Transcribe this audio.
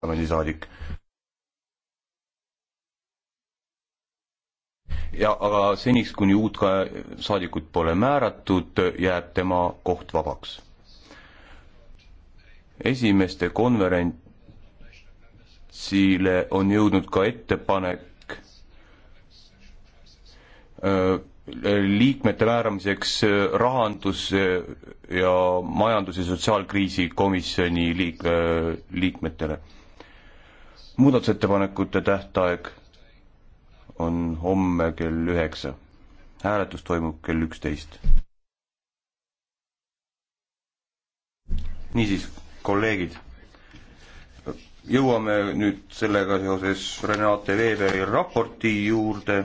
parlamendisaadik. ja aga seniks, kuni uut ka saadikut pole määratud, jääb tema koht vabaks. esimeste konverentsile on jõudnud ka ettepanek öö, äh, liikmete määramiseks rahandus- ja majandus- ja sotsiaalkriisi komisjoni liik-, äh, liikmetele muudatusettepanekute tähtaeg on homme kell üheksa. hääletus toimub kell üksteist. niisiis, kolleegid, jõuame nüüd sellega seoses Renate Weberi raporti juurde